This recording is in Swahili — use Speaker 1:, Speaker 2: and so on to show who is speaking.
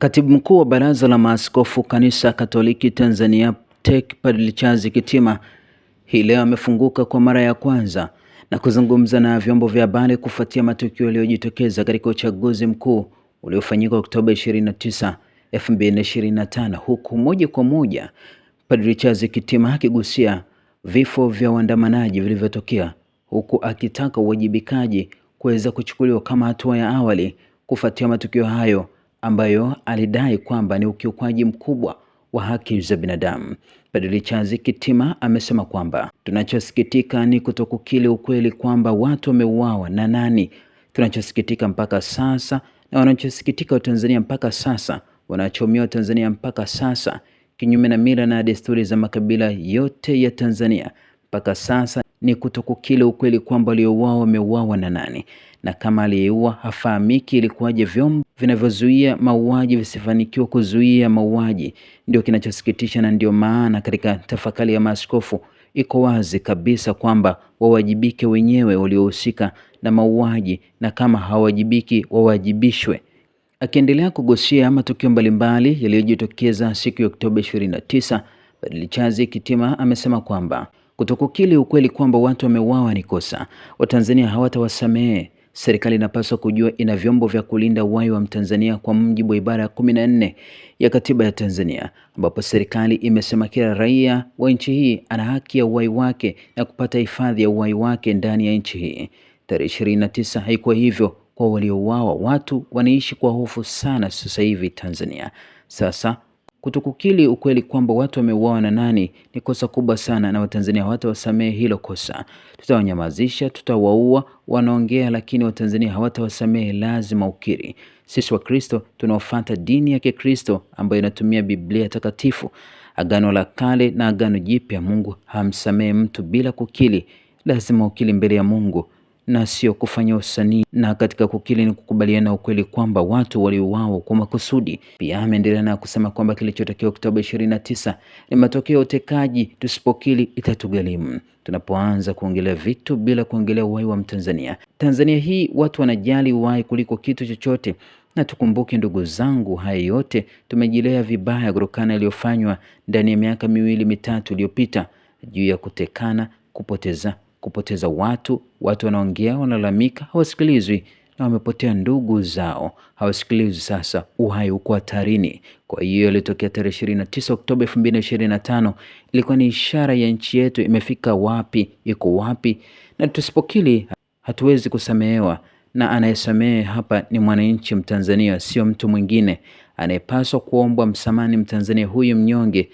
Speaker 1: Katibu mkuu wa Baraza la Maaskofu Kanisa Katoliki Tanzania TEC Padri Charles Kitima hii leo amefunguka kwa mara ya kwanza na kuzungumza na vyombo vya habari kufuatia matukio yaliyojitokeza katika uchaguzi mkuu uliofanyika Oktoba 29, 2025 huku moja kwa moja Padri Charles Kitima akigusia vifo vya waandamanaji vilivyotokea huku akitaka uwajibikaji kuweza kuchukuliwa kama hatua ya awali kufuatia matukio hayo ambayo alidai kwamba ni ukiukwaji mkubwa wa haki za binadamu. Padri Charles Kitima amesema kwamba tunachosikitika ni kutokukili ukweli kwamba watu wameuawa na nani. Tunachosikitika mpaka sasa na wanachosikitika Watanzania mpaka sasa, wanachomiwa Tanzania mpaka sasa, kinyume na mila na desturi za makabila yote ya Tanzania mpaka sasa ni kutokukile ukweli kwamba waliouawa wameuawa na nani, na kama aliyeua hafahamiki, ilikuwaje vyombo vinavyozuia mauaji visifanikiwa kuzuia mauaji? Ndio kinachosikitisha, na ndio maana katika tafakari ya maaskofu iko wazi kabisa kwamba wawajibike wenyewe waliohusika na mauaji, na kama hawawajibiki wawajibishwe. Akiendelea kugusia matukio mbalimbali yaliyojitokeza siku ya Oktoba 29, Padre Charles Kitima amesema kwamba Kutokukili ukweli kwamba watu wameuawa ni kosa, Watanzania hawatawasamehe. Serikali inapaswa kujua ina vyombo vya kulinda uhai wa Mtanzania kwa mujibu wa ibara ya kumi na nne ya katiba ya Tanzania, ambapo serikali imesema kila raia wa nchi hii ana haki ya uhai wake na kupata hifadhi ya uhai wake ndani ya nchi hii. Tarehe ishirini na tisa haikuwa hivyo kwa waliouawa. Watu wanaishi kwa hofu sana sasa hivi Tanzania. Sasa Kutokukili ukweli kwamba watu wameuawa na nani ni kosa kubwa sana, na Watanzania hawatawasamehe hilo kosa. Tutawanyamazisha, tutawaua. Wanaongea lakini Watanzania hawatawasamehe, lazima ukiri. Sisi Wakristo tunaofuata dini ya Kikristo ambayo inatumia Biblia Takatifu, Agano la Kale na Agano Jipya, Mungu hamsamehe mtu bila kukili Lazima ukili mbele ya Mungu na sio kufanya usanii, na katika kukili ni kukubaliana ukweli kwamba watu waliuawa kwa makusudi. Pia ameendelea na kusema kwamba kilichotokea Oktoba 29 ni matokeo ya utekaji, tusipokili itatugharimu. Tunapoanza kuongelea vitu bila kuongelea uhai wa Mtanzania, Tanzania hii watu wanajali uhai kuliko kitu chochote. Na tukumbuke ndugu zangu, haya yote tumejilea vibaya kutokana iliyofanywa ndani ya miaka miwili mitatu iliyopita juu ya kutekana, kupoteza kupoteza watu. Watu wanaongea, wanalalamika, hawasikilizwi na wamepotea ndugu zao, hawasikilizwi. Sasa uhai uko hatarini. Kwa hiyo ilitokea tarehe 29 Oktoba 2025 ilikuwa ni ishara ya nchi yetu imefika wapi, iko wapi, na tusipokili hatuwezi kusamehewa na anayesamehe hapa ni mwananchi Mtanzania, sio mtu mwingine. Anayepaswa kuombwa msamani Mtanzania huyu mnyonge